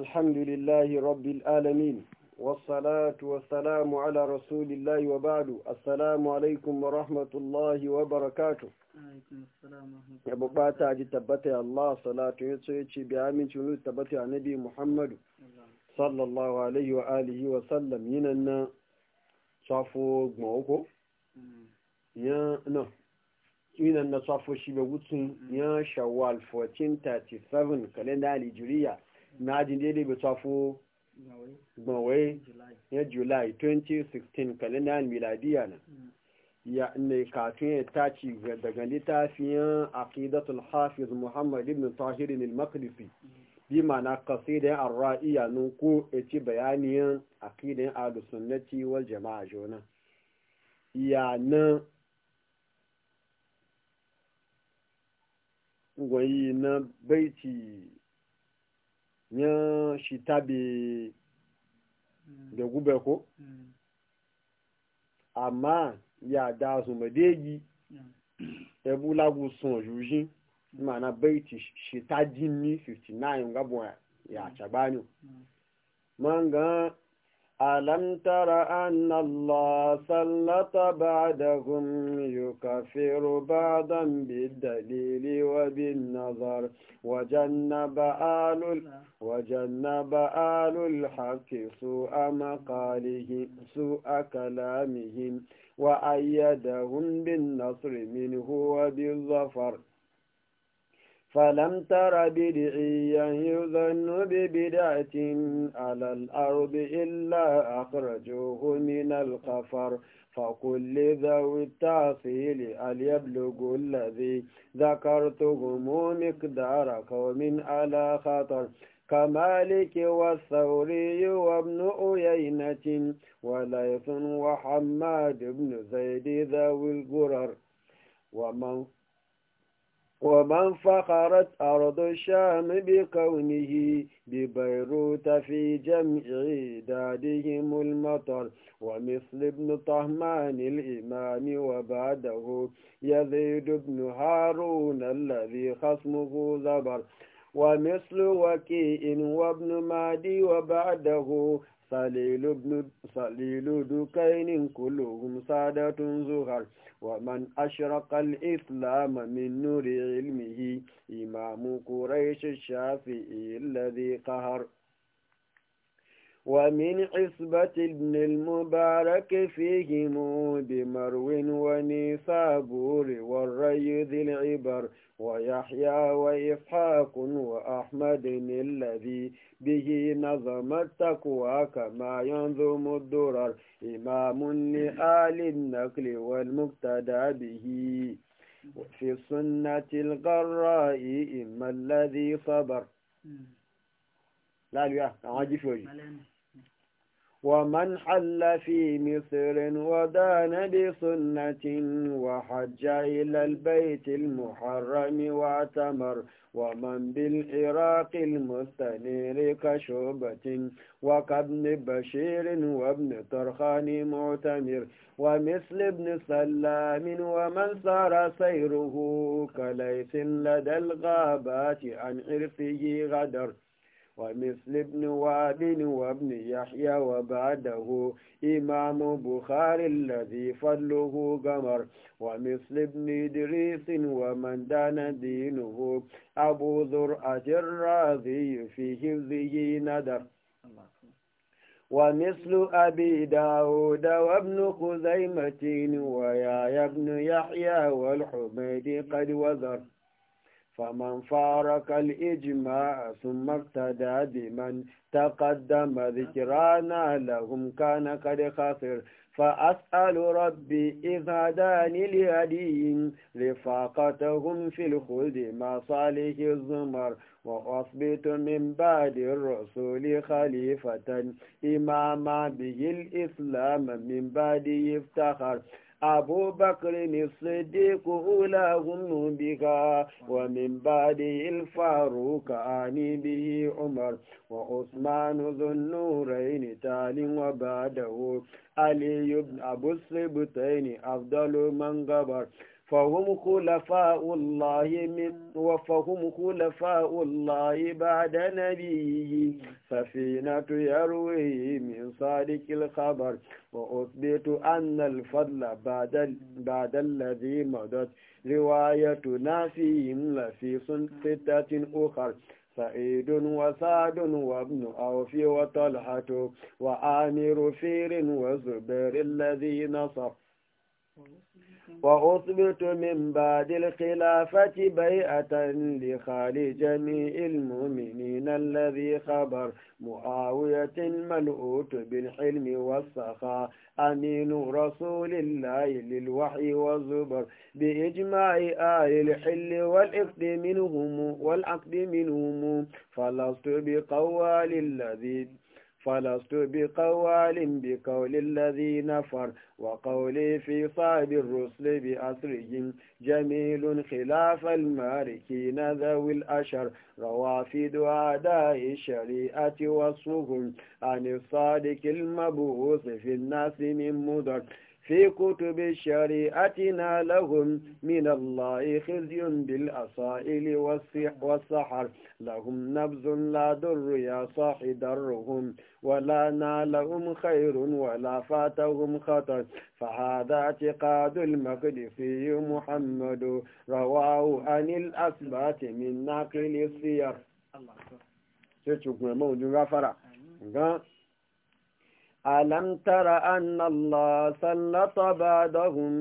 الحمد لله رب العالمين والصلاة والسلام على رسول الله وبعد السلام عليكم ورحمة الله وبركاته ya bubata ji tabbata Allah salatu ya so ya bi aminci wani tabbata a nabi Muhammadu sallallahu alaihi wa alihi wa sallam yinan na safo gmawoko mm. ya na yinan na safo shi bai mm. ya shawwal 1437 kalenda alijiriya na ajin daidai bai safo gbawai na july 2016 kalendar miladiya na ya ne katun ya taci daga littafiyan aqidatul hafiz muhammad ibn tahir al-maqdisi bi ma'ana qasidan ar-ra'iyya nun ko yace bayaniyan aqidan ahlus sunnati wal jama'a jona ya na goyi na baiti yan shi tabi mm. da gube ko mm. amma ya da su madegi mm. ebu lagu yujin mana baiti shi ta jini 59 gabon ya cagbanin man gan ألم تر أن الله سلط بعدهم يكفر بعضا بالدليل وبالنظر وجنب آل نعم. وجنب آل الحق سوء مقاله سوء كلامهم وأيدهم بالنصر منه وبالظفر فلم تر بدعيا يظن ببدعة على الأرض إلا أخرجوه من القفر فكل ذوي التعصيل أليبلغ الذي ذكرتهم مقدار قوم على خطر كمالك والثوري وابن أيينة وليث وحماد بن زيد ذوي القرر ومن ومن فخرت أرض الشام بكونه ببيروت في جمع عدادهم المطر ومثل ابن طهمان الإمام وبعده يزيد بن هارون الذي خصمه زبر ومثل وكيء وابن مادي وبعده salilu dukainin kulluhum sadatun zuhar wa man ashraqa al-islam min nuri ilmihi imamu kuraishin shafi'i alladhi kahar. ومن عصبة ابن المبارك فيهم بمرو ونيسابور والري ذي العبر ويحيى وإسحاق وأحمد الذي به نظم التقوى كما ينظم الدرر إمام لآل النقل والمقتدى به في السنة الغراء إما الذي صبر لا لا أعجب شوي ومن حل في مصر ودان بسنة وحج إلى البيت المحرم واعتمر ومن بالعراق المستنير كشعبة وكابن بشير وابن طرخان معتمر ومثل ابن سلام ومن سار سيره كليث لدى الغابات عن عرفه غدر ومثل ابن واب وابن يحيى وبعده إمام بخاري الذي فضله قمر ومثل ابن إدريس ومن دان دينه أبو ذرعة الرازي في حفظه ندر ومثل أبي داود وابن خزيمة ويا ابن يحيى والحميد قد وزر فمن فارق الإجماع ثم ارتدى بمن تقدم ذكرانا لهم كان قد خسر فأسأل ربي إذ هداني لهديهم رفاقتهم في الخلد مع صالح الزمر وأصبت من بعد الرسول خليفة إماما به الإسلام من بعد افتخر abubakar ne sadiku ula hunnu bika wa min badi ilfaruka ni biyi umar wa usmanu zunnurain talin wa badahu ali aliyu abu sibtain afdalu man gabar فهم خلفاء الله من وفهم خلفاء الله بعد نبيه سفينة يروي من صادق الخبر وأثبت أن الفضل بعد, بعد الذي مضت روايتنا فيهم لفي ستة أخر سعيد وسعد وابن أوف وطلحة وآمر فير وزبير الذي نصر وأثبت من بعد الخلافة بيئة لخال جميع المؤمنين الذي خبر معاوية ملؤوت بالحلم والسخاء أمين رسول الله للوحي والزبر بإجماع آل الحل والإفد منهم والعقد منهم فلست بقوال الذي فلست بقوال بقول الذي نفر وقولي في صعب الرسل بأسرهم جميل خلاف الماركين ذوي الأشر روافد أعداء الشريعة وصفهم عن الصادق المبوس في الناس من مدر في كتب شريعتنا لهم من الله خزي بالأصائل والصحر لهم نبز لا در يا صاح درهم ولا نالهم خير ولا فاتهم خطر فهذا اعتقاد المقدسي محمد رواه عن الأثبات من ناقل السير الله أكبر. ألم تر أن الله سلط بعضهم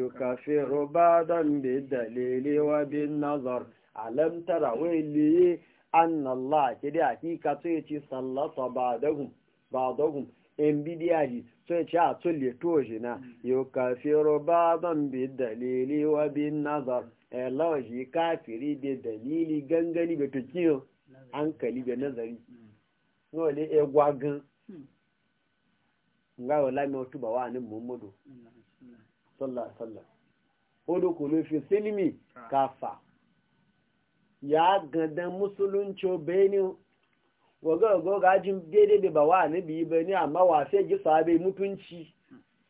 يكفر بعضا بالدليل وبالنظر ألم تر ويلي أن الله كده حقيقة يتي سلط بعضهم بعضهم إن بديالي سيتي أتولي توجنا يكفر بعضا بالدليل وبالنظر الله جي كافري بالدليل غنغني بتكيو أنكلي بنظري نولي إغواغن nga wala mi otu ba wa ni muhammadu sallallahu alaihi wasallam odo ko lo fi silimi ah. kafa ya gandan musulunci obeni ga go gajin dede da ba wa ni bi ba ni amma wa sai ji sabe mutunci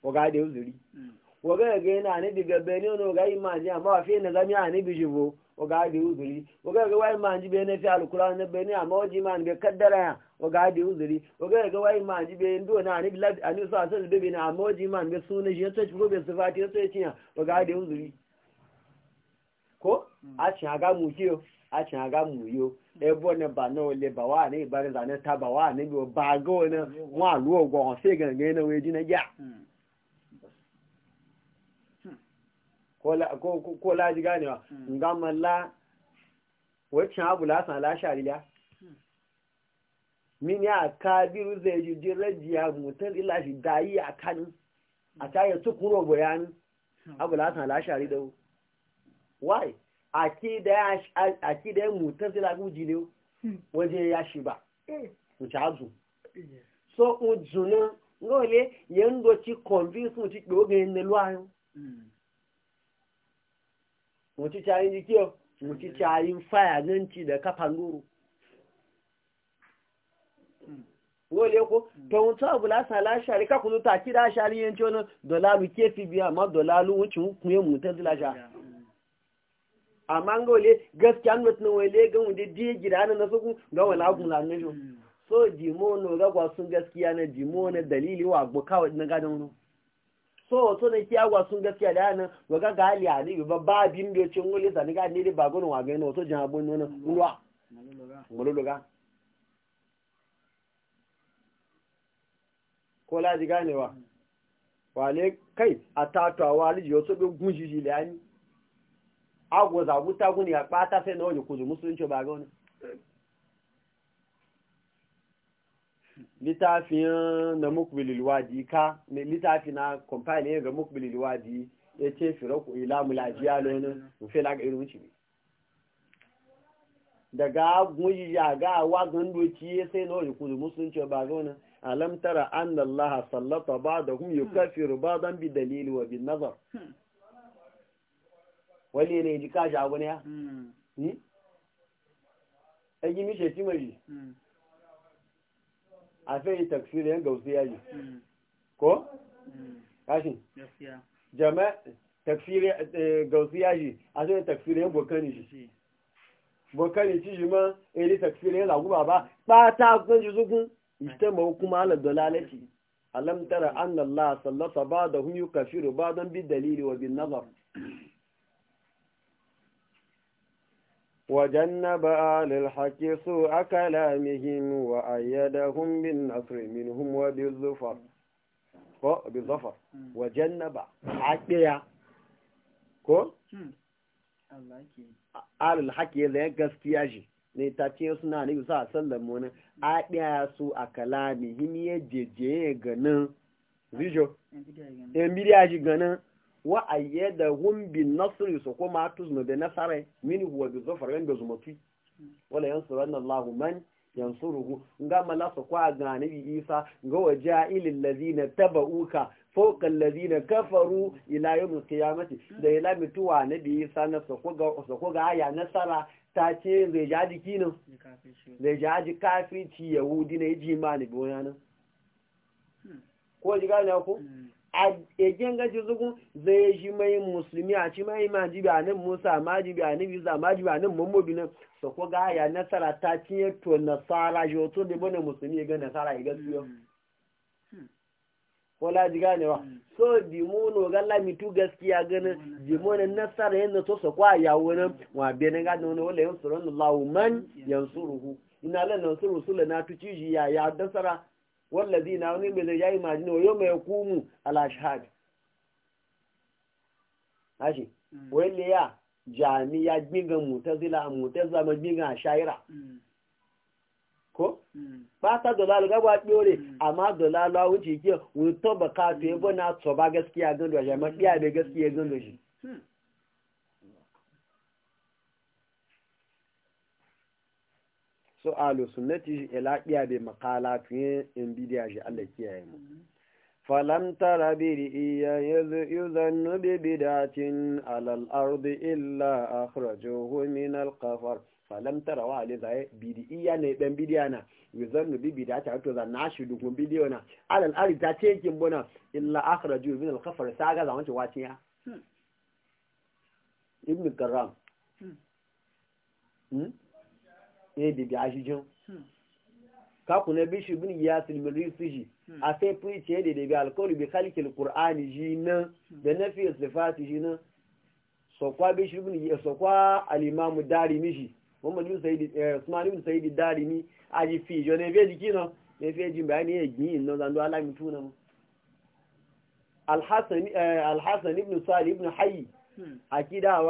waga da uzuri hmm. waga ga ina ni diga beni no ga imani amma wa sai na zami ani bi jibo waga da uzuri oge ga wai ma ji be ne fi alquran ne be ne amma waji ma be kaddara ya waga da uzuri waga ga wai ma ji be ndo na ni bilad ani sa sa be be na amma waji ma be sunan shi to ci be sifati to ci ya waga da uzuri ko hmm. a aga mu kiyo a aga mu yo e bo ne ba no le ba wa na ba ne ta ba wa ne ba go ne hmm. wa lu ogo se ga ne na we ji na ya hmm. ko laji ganewa hmm. ga la, wacce abu lasan lashari da? Hmm. min ya kabiru zai ji jiji rajiya mutum ilashi dayi a kan hmm. a tayar tukuro bayanin abu lasan lashari da why aki da ya mutum zai lagu jini waje ya shi ba wuce eh. azu so ujunan gole yanzu ci convince mutu ɗogayen na luwayo mutu cayin jikiyo mutu cayin faya ganci da kafan goro wole ko to won ta bula sala shari ka kunu ta kira shari yan chono dolalu kefi biya ma dolalu wucin kun yen mutan dilasha amma ngole gaskiya not no wele ga wunde die gidana na suku ga wala gun la nejo hmm. so jimo no ga kwa sun gaskiya na jimo na dalili wa gbo kawai na gadan no so so ne kiyawa sun gaskiya da yana waga ga hali hali ba ba bin da ce ngole zani ga ne ba gono wa gaino so jan abun nono ruwa ngolo loga ko la ji ganewa wale kai atatwa wale yo so be gunji ji le ani agwo za guta guni ya pata fe na onye kuzu musulunci ba gono littafin na mukbilil ka littafi na ga mukbilil ya ce firaku ila mulajiya lonin rufe wuce ne daga gwaji yaga wa gandoci ya sai na wajen kudu musulunci ba zaune alamtara tara Allah sallata ba da kuma yi kafiru ba don bi dalili wa bin nazar wani ne ji kashi abu ne ya? ni? Hmm. Hmm? yi a fẹ́ tafsir yan gausi yayi hmm. ko hmm. kashi jama'a tafsir eh, gausi yayi a sai tafsir yan bokani shi bokani shi ba eri tafsir yan lagu baba pata kun ji zugun kuma ala dalili wa bin وجنب آل الحق سوء كلامهم وأيدهم بالنصر منهم وبالظفر بالظفر وجنب حقيا ko? alul haƙe da ya gaskiya shi ce suna ne sa sallan wani a ɗaya su a kalami himiyar jeje ganin zijo ganin wa ayyada hum bin nasri so ko ma da nasare min huwa bi zafar ganda zumatu wala na Allahu man yansuruhu nga mala so kwa ga nabi Isa ga waja'ilil ladina tabauka fawqa alladhina kafaru ila yawm alqiyamati da ila mituwa nabi Isa na so ko ga so ko ga aya nasara ta ce zai jaji kinin zai kafirci yahudi ne ji imani boyana hmm. ko ji gane ko a gaji zugun zai shi mai musulmi a ci mai maji bi anan musa maji bi anan biza maji bi anan mamobi nan so ko ga ya nasara ta cinye to nasara shi to da bane musulmi ya ga nasara ya gasiyo hmm. ko la ji wa hmm. so di muno ga la gaskiya ganin di hmm. na nasara yana to so kwa ya wani wa be wani ga nono wala yansurullahu man yansuruhu ina lan nansuru sulana tuci ya ya nasara wallazi na wani mai zai yayi majini wa yau mai kumu alashahad hashi mm. wani ya jami ya gbigan mutazila mutazila mai gbigan shayira mm. ko mm. ba ta dolalu gaba ɗore amma dolalu a wuce ke wuto baka to yabo na tsoba gaskiya gando shi amma ɗiya bai gaskiya gandu shi hmm. Hmm. su alu sunnati ila biya be makala fiye in bidiya shi Allah kiyaye mu mhm. falam tara yanzu yuzannu bi bidatin alal ardi illa akhrajuhu min al qafar falam tara wa ali zai bidiya ne dan bidiya na yuzannu bi bidata to za na shi dukun bidiyo na alal ardi ta ce kin bona illa akhrajuhu min al qafar saga ga ci wace ya hmm. ibn karam hmm. hmm? ne bibi ashijin hmm. kaku na bishi bin ya silmiri siji hmm. a sai preach ne da bi alkawari bi halkil qur'ani ji hmm. da nafi sifati ji nan sokwa bishi bin ya sokwa al-imamu darimi ji muhammad bin sayyid eh, usman bin fi eh, ibn salih ibn hayy akida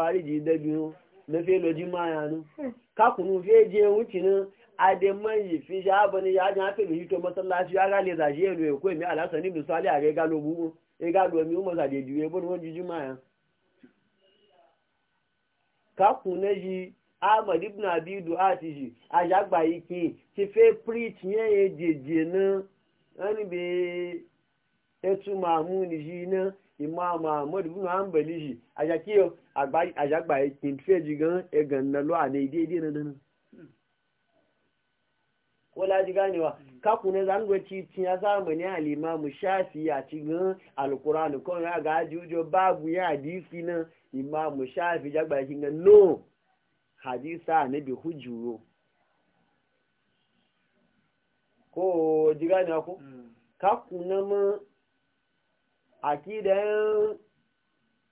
da biyo na fe loji maya nu kakunu kunu fe je wuci nan ademan yi fi sha bani ya jan fe mi to masallaci ya ga le za je lo ko mi alasan ibn salih a ga lo bu e ga lo mi o mo sa de juye bo won juju maya ka kunu ji ahmad ibn abi duat ji ajagba ikin ti fe preach yen e jeje na ani be etu mamu ni ji na imam ahmad ibn hanbali shi a shakiyo a shagba ya kintufe jigan egan na lo a na ide ide na danin ko laji ganewa hmm. kaku ne zango ci ci zamani alimamu shafi a cikin alkurani kan ya ga babu ya hadisi na imamu shafi jagba yakin ga no hadisa ne bi ko ji ko hmm. kaku na akidan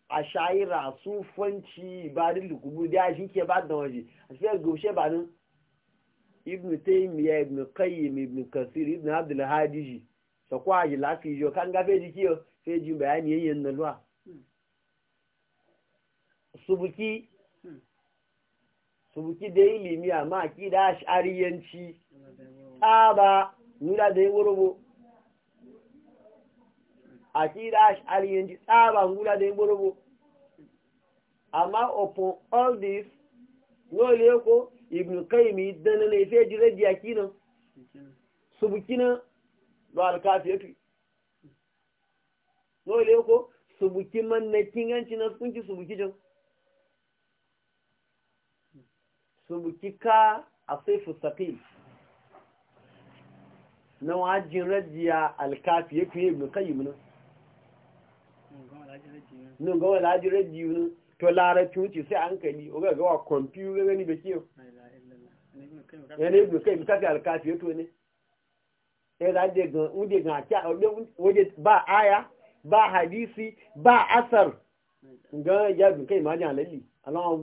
a shayira sufanci ibadin lukubu da shi ke ba da waje a cikin gushe ba nan ibn taymiya ibn qayyim ibn kasir ibn abdul hadiji sa kwa ji yi jo kan gafe ji kiyo sai ji bayani yayin na luwa subuki subuki da ilimi amma akida ashariyanci tsaba nuna da yi wurubu akida ash'ari yanzu tsaban guda da yin burugu amma upon all this no ko ibn kaimi dana ne sai jira jiya kinan subukina ba alkafiyatu nole ko subuki man na kinganci na sunki subuki jin subuki ka a sai fusaki na wajin rajiya alkafiyatu ibn kaimi nan nun ga wala ji radio to larabci wuce sai hankali o ga ga wa computer gani be kiyo yana ibnu kai mita ne ya da je ga unde ga waje ba aya ba hadisi ba asar ga ya ibnu kai ma jan lalli Allah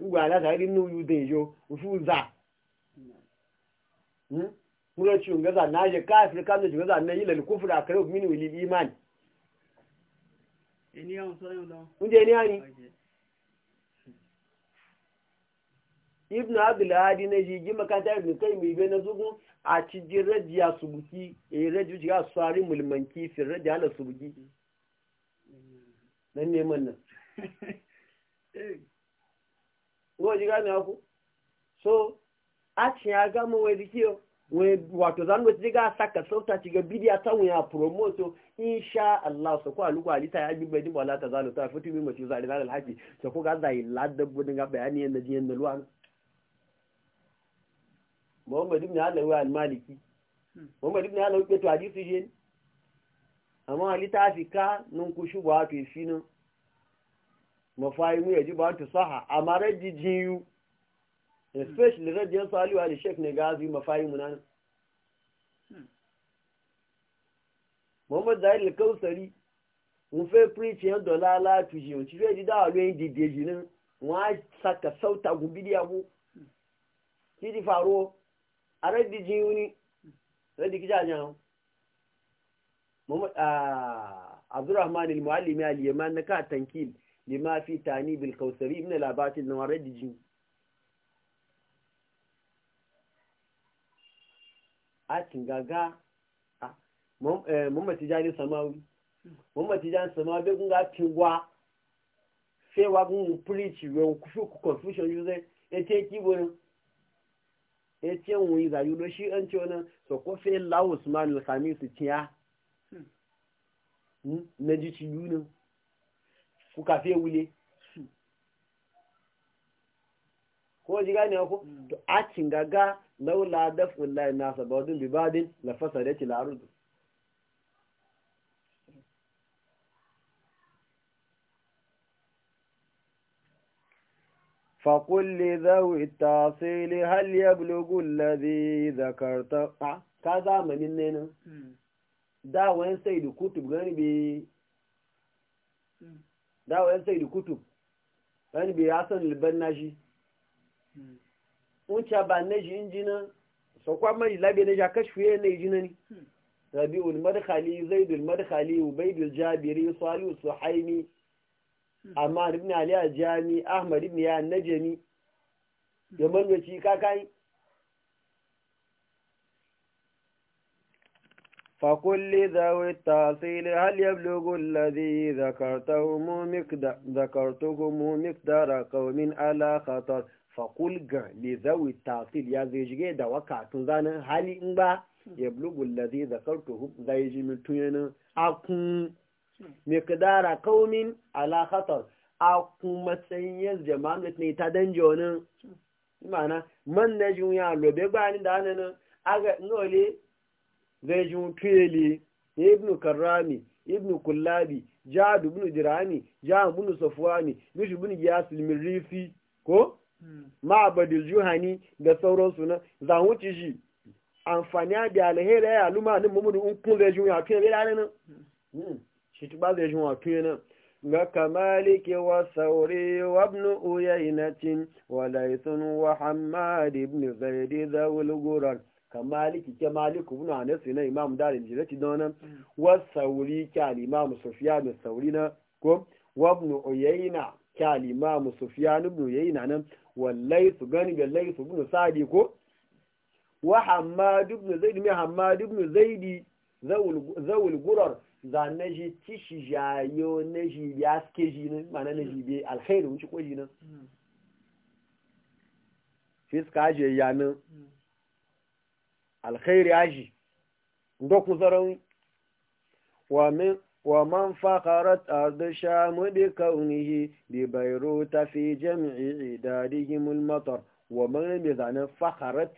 ngwa ala ga ri yu yo ufu za mura ci ngaza na je kafir kan je ngaza na yi lal minu imani ẹni àwọn sọ́yún lọ. oúnjẹ ní na shi gima kanta ibn kai mai bai na zugun a cikin rajiya subuki e rajiya shiga sari mulmanki fi rajiya na subuki nan neman nan ko ji gami ku so a ci ya gama wai dikiyo wato za mu ga saka sauta ci ga bidiya ta wuya promoto insha Allah su ko alugo alita ya bi bidin wala ta zalo ta futu bi mace zali zalal haji so ko ga zai ladda budin ga bayani yanda ji yanda luwan Muhammad ibn wa al-Maliki hmm. Muhammad ibn Ali ke to hadisi je amma alita fika nun ku shubu wato mafayimu yaji ba to saha amara jijiyu especially radiyar salihu ali sheikh ne gazi mafayi munanan muhammad zahir alkausari n fẹ́ píríṣì dola dọ̀lá aláàtúnṣe òun ti fẹ́ di dáwà lóyún dìde di náà wọ́n á saka sauta gùn bídí àgbo kí ti faruwa arẹ́dì jìn ní re di kija jan muhammad uh, abdurrahman al muallim al-yaman na ka tankil lima fi tani bil kausari ibn al-abati na rẹ́dì jìn Akin gaga. a eh, mamaci jani samawi mamaci jani samawi bai kunga cingwa sai wa kun wen kufi ku confusion e te e te wun yi zayu shi an wani so ko tiya hmm. hmm, na ji ci yunin kuka fe wule ko ji gane ku mm. to a cin gaga laula da fulai nasa ba wadun bibadin lafasa da yake laru da fa le zaui ta sai hal ya bulogu lade zakarta a ka zamanin nenan mm. da wayan sai da kutub gani bi mm. da wayan sai da kutub gani bi ya san libar na shi wuce ba na shi injina sakwa mai labe na ja kashfiye na injina ne rabi'ul madkhali zaidul madkhali ubaydul jabiri su suhaimi amma ibn ali ajami ahmad ibn ya najmi da mangaci kakai فكل ذوي التعصيل هل يبلغ الذي ذكرته مقدار قوم على خطر fakulga le zawi tafil ya zai jige da waka tun zanen hali in ba ya blugun lazi da karto zai ji mutum yana akun mikdara kaumin ala khatar akun matsayin yanzu ne ta danji wani mana man na jin ya lobe gbani da hannun aga nole zai jin tuyele ibn karrami ibn kullabi jadu ibn dirami jahan ibn safwani mishi ibn giyas limirifi ko ma'abadil juhani da sauransu na za wuce shi amfani da alheri ya luma ni mu un kun zai juya tuye da dare nan hmm, shi tuba zai juya tuye nan ga kamalike wa sauri wa ibn uyaynatin wa laythun wa hammad ibn zaid zawul guran kamaliki ke malik ibn anas na imam dalil jirati donan hmm. wa sauri ke al imam sufyan sauri na ko wa ibn uyayna ke al imam sufyan ibn uyayna nan wallai su gani bellai su bin sadi ko wa hammad ibn zaid mai hammad ibn zaid zawul gurar za na shi tishi jayo na shi biya suke ji mana na shi biya alkhairu wuce ko ji nan fiska je ya nan alkhairu aji. ji ndokun wa min ومن فقرت أرض الشام بكونه ببيروت في جمع عدادهم المطر ومن بذان فقرت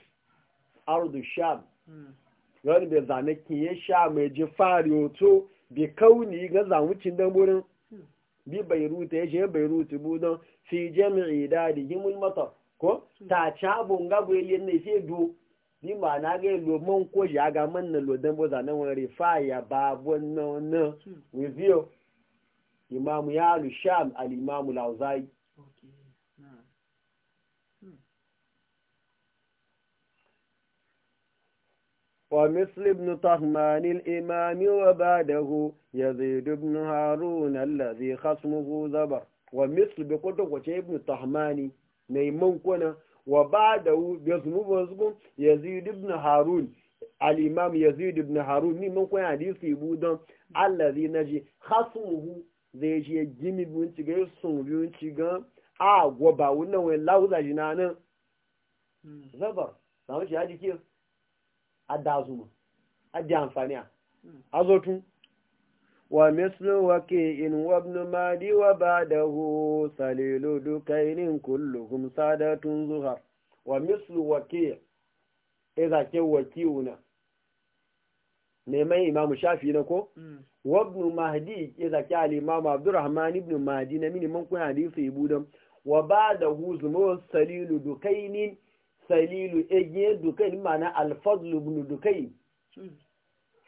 أرض الشام wani bai zane kiye sha mai ji fariyoto bi kauni ga zamucin dan burin bi bairuta ya ce bairuta budan fi jami'i da digimul mata ko ta cabon gabo yadda sai do ni ma na ga lo mon ko ya ga man na lo dan bo za nan wani faya ba wannan na with you imam ya al sham al imam al auzai ومثل ابن طهمان الإمام وبعده يزيد بن هارون الذي خصمه زبر ومثل بقدر وجه ابن طهماني نيمون كنا wa ba da yasmubu yazid ibn harun al-imam yazid ibn harun ni mun koyi hadisi bu don allazi naji khasmuhu zai je gimi bun ci ga sun bun ci ga a goba wannan wani lauza jina nan zabar samun shi haji ke adazu ma adi amfani a azotun ومثل وكيء وابن مادي وبعده سليل دكين كلهم سادة زهر ومثل وكيء إذا كان وكيونا neman imamu shafi na ko wabnu mahdi ya zaki al'imamu abdurrahman ibn mahdi na miniman kun hadisi ibu don wa ba da huzumo salilu dukainin salilu egiye dukain mana alfadlu ibn dukain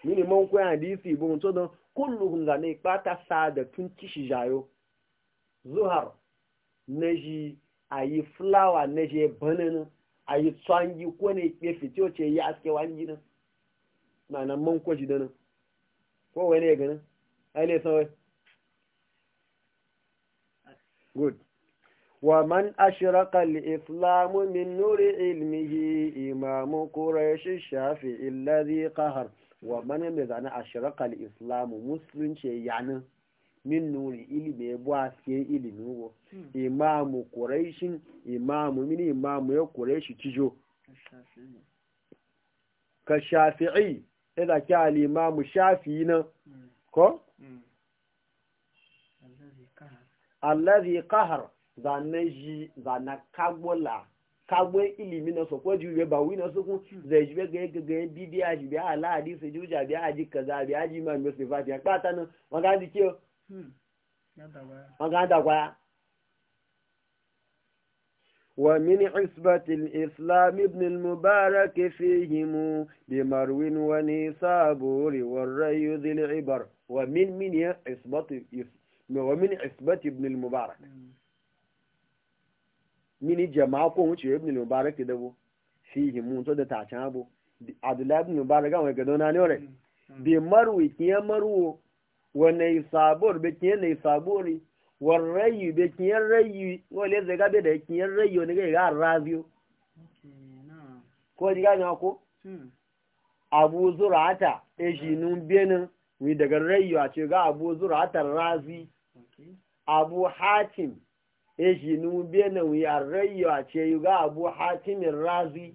miniman kun hadisi ibu don kulluhum da ne sa da tun kishi jayo zuhar ji a naji ayi flower naji banana yi tsangi ko ne ke fito ce yi aske wangi nan mana man kwaji da nan ko wai ne ganin ai ne sai good ومن أشرق الإسلام من نور علمه إمام قريش الشافعي الذي قهر wa mana mai zane a shirakal islamu musulunci yana min nuri ilimi ya buwa fiye ilimi wo hmm. imamu kureshin imamu mini imamu ya kureshi tijo ka shafi'i ila ki alimamu shafi'i nan hmm. ko? Hmm. allazi kahar zane ji zane kagbe ilimi na sokwa jube ba wina na sokun zai jube ga gaga bi a jube ala hadisi su juja bi aji kaza bi aji ma mi fati a pata na maga di kiyo maga hmm. da kwaya wa min isbati al-islam ibn al-mubarak fihim bi marwin wa nisaburi wa rayud al-ibar wa min min isbati wa min ibn mubarak hmm. mini jama'a ko wuce ibn mubarak da bu fihi mun to da ta can bu abdullahi ibn mubarak ga ga dona ne ore mm, mm. bi marwi kiya marwo wa nay sabor be kiya ne sabori war rayi be kiya rayi wale zaga be da kiya rayi ne ga ga raziyo ko ji ga nya ko hmm. abu zurata e jinun benin wi daga rayi a ce ga abu zurata razi abu hatim eji nu benin yarayyo a ce yi ga abu hatimin razi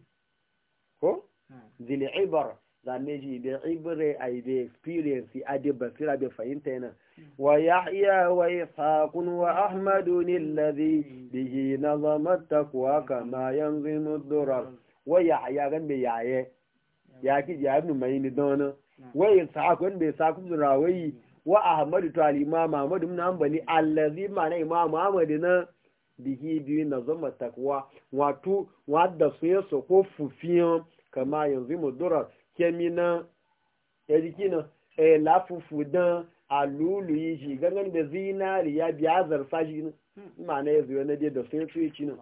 ko? Hmm. zili ibar da meji da ibire a yi da experience a da basira da fahimta yana hmm. wa ya iya wa isakun wa ahmadu ne lazi hmm. bihi na zamanta kuwa kama yanzu durar wa ya ya gan bai yaye ya ki ya mai ni dona wa isakun bai sakun zurawayi wa ahmadu to al-imam ahmadu ibn hanbali allazi na imam ahmadu na bihi biyu na zama takwa wato wadda su ya so ko fufiyan kama yanzu mu dora kemi na ediki na e dan alulu yi gangan da zinariya biya zarfa shi hmm. ma ya yanzu na da su ya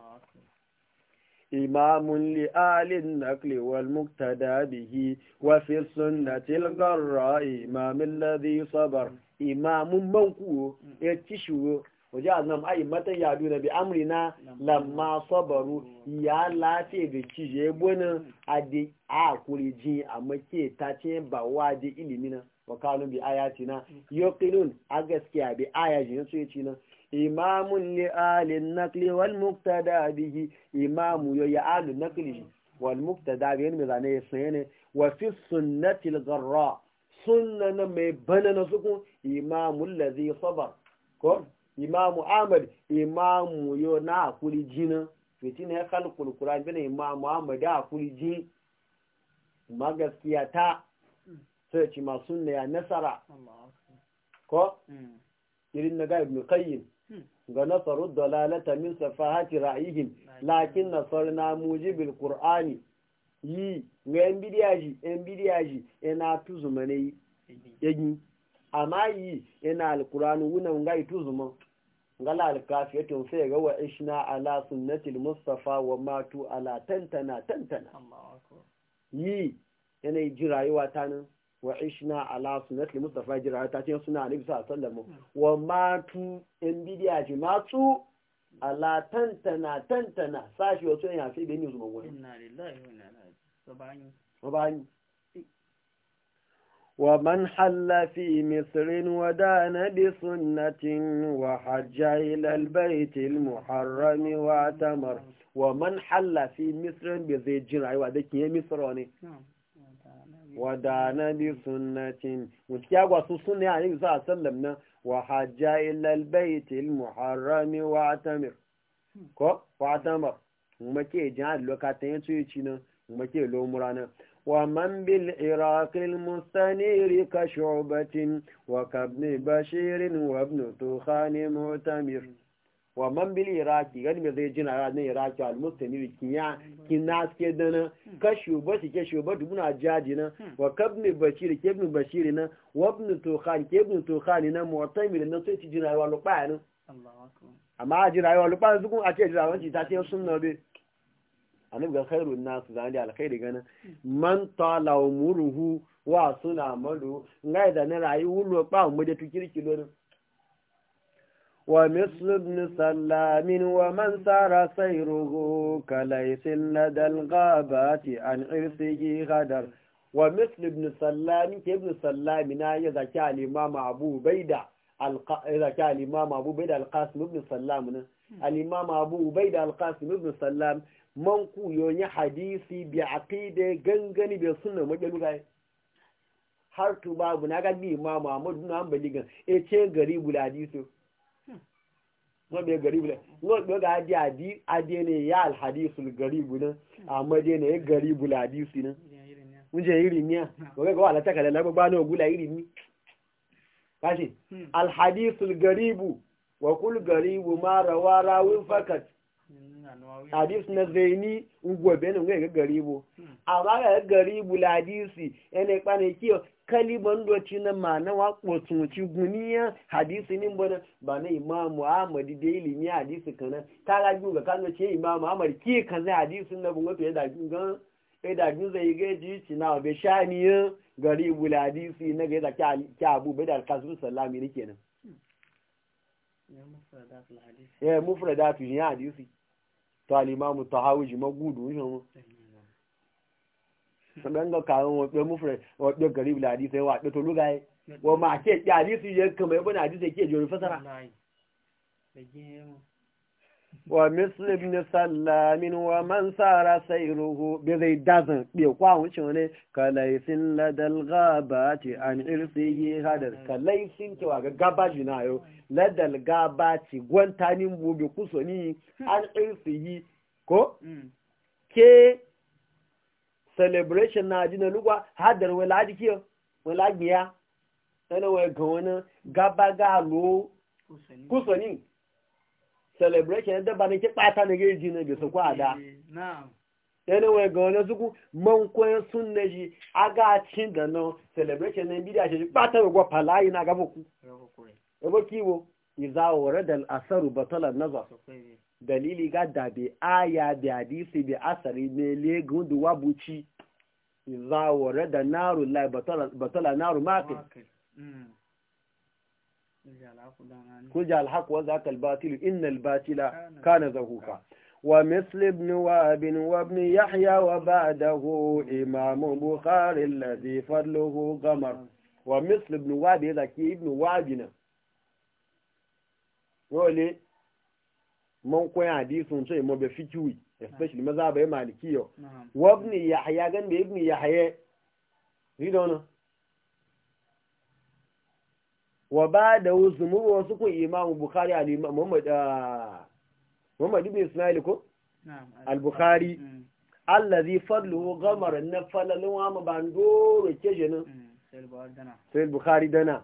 إمام لآل النقل والمقتدى به وفي السنة الغراء إمام الذي صبر إمام موقو يتشو وجاء وجعلنا أي متى يعدون بأمرنا لما صبروا يا لا تبكي يبون أدي أقول جي أما كي تاتين بوادي منا وقالوا بآياتنا يقنون أغسكي بآياتنا سويتنا imamun li alin nakli wal muktada bihi imamu yo ya alin nakli wal muktada bihi mai zane ya sanye ne wasu fi sunnati al mai bana na sukun imamu allazi sabar ko imamu ahmad imamu yo na akuli jina fitina ya kalkul qur'an bin imamu ahmad ya akuli jin ma ta hmm. sai ci ma sunna ya nasara ko hmm. irin na ga ibn qayyim ga nasaru dalalata min safahati ra'ihim lakin na mujibil qur'ani yi ga yan bidiyaji yan bidiyaji yana tuzuma ne yi amma yi yana alqur'ani wunan ga tuzuma ngala alkafiyatun sai ga wa ishna ala sunnatil mustafa wa matu ala tantana tantana yi yana ji rayuwa ta nan wa ishna ala sunnati mustafa jira ta ce suna annabi sallallahu alaihi wa matu in bidiya ji matu ala tantana tantana sashi wato ya fi da zuwa wani inna lillahi wa inna ilaihi raji'un ومن حل في مصر ودان بسنة وحج إلى البيت المحرم واعتمر ومن حل في مصر بذي الجرع وذي مصر وني wadana bi sunnatin gaskiya gwa su sunne a yin sa sallam nan wa hajja ila albayt almuharrami wa atamir ko wa atamir kuma ke jin a lokacin ya tuyi ci nan kuma ke lo murana wa man bil iraq almustanir ka shu'batin wa kabni bashirin wa ibn tuhani mutamir wa man bil iraki gani me zai jina ra ne iraki al muslimi kinya kina ke dan hmm. ka shuba shi ke shuba na jaji na hmm. wa kabni bashir ke ibn bashir na wa ibn tuhan ke ibn tuhan na mu'tamil na sai jina wa lupa na amma jina wa lupa su kun a ce jina wanci ta ce sunna be annabi ga khairu nas zani al khairi gana hmm. man tala umuruhu wa suna malu ngai da na rayu wulo pa mu da tukirki lorin ومثل ابن سلام ومن سار سيره كليس لدى الغابات عن عرسه غدر ومثل ابن سلام كابن سلام إذا كان الإمام أبو بيدة إذا كان الإمام أبو بيدة القاسم ابن سلام الإمام أبو بيدة القاسم ابن سلام من يوني حديثي بعقيدة جنجني بسنة مجلوغاية har tuba bu na ga bi imamu Ahmad bin Hanbali gan e ce gari buladiso wọ́n bẹ garibu lẹ wọ́n bẹ ga adi adi adi ne ya alhadisul garibu na amma de ne garibu la hadisi na mun je irin ne a wọ́n bẹ ga wà látàkàlẹ̀ lágbàgbà náà gula irin ni kashi hmm. alhadisul garibu wa kul garibu ma rawa rawin fakat hadis na zaini ugwa benin ga garibu amma ga garibu la hadisi yana kpanaki Kali kaliban doci na mana wakwatunci guniya hadisi nin bana ba na imam muhammad da ilimi hadisi kana ta raju ga kano ce imam muhammad ki kan zai hadisin na bunga to ya da gan ya da gan zai ga ji ci na be shani gari bul hadisi na ga da ki abu bai da kasu sallami ne kenan ya mufradatul hadisi ya hadisi to al imam tahawi magudu shi sannan ga kawon wadda mufre wadda garib da hadisa yawa da to lugaye wa ma ke ya hadisi ya kama ibn hadisa ke jori fasara wa misl ibn sallamin wa man sara sayruhu bi zai dazan bi kwa wuce ne laifin ladal gaba ce an irsi yi hadar ka laifin cewa ga gaba ji na yau ladal gaba gabati gwantanin bobe kusoni an irsi yi ko mm. ke celebration na ji na lugwa hadar wala adiki wala giya sana wa ga wani gaba ga lo kusani celebration da ba ne ke pata na gaji na bi su kwa da eh, na'am yana wa ga wani zuku mankwai sun na ji aga cin da na celebration na bi shi shi pata gwa palai na gaba ku yabo kiwo izawo warada asaru batalar nazar dalili ga bi aya da hadisi bi asari ne le da wabuci wore da naru lai batala naru mafi hmm. kuja alhaku wanda aka albatilu inna albatila kana zahuka ومثل ابن واب wa يحيى وبعده إمام بخاري الذي gamar wa ومثل ibn واب إذا كي ibn وابنا ولي man koya hadisin sai mo be fikiwi especially maza bai malikiyo wa ibn yahya gan be ibn yahya ni dono wa ba'da zumuru wasu ku imam bukhari ali muhammad ah, muhammad ibn ismail ko na'am al-bukhari mm. allazi fadluhu ghamar an nafala lawa ma bandoro kejenin mm, sai bukhari dana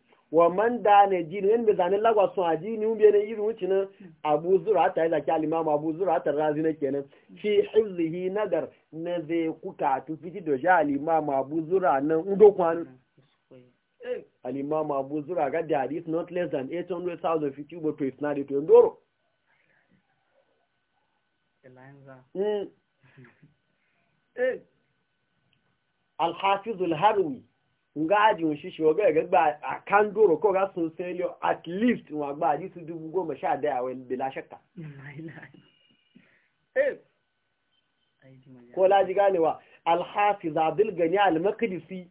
wa man da ne ji ne da zanen lagwa sun aji ni umbe ne irin wuce nan abu zura ta yi zaki alimamu abu zura ta razi na kenan fi hizzihi nadar na zai kuka tu fiti da ja alimamu abu zura nan udo kwanu alimamu abu zura ga da hadith not less than 800,000 fiti ubo to isnadi to yandoro الحافظ الهروي ngaji ushishi waga ga ba a kan doro ko ga sun sai liyo at least wa ba ji su dubu goma sha daya wai bila shakka eh, ko laji ganewa alhafiz abdul gani al-maqdisi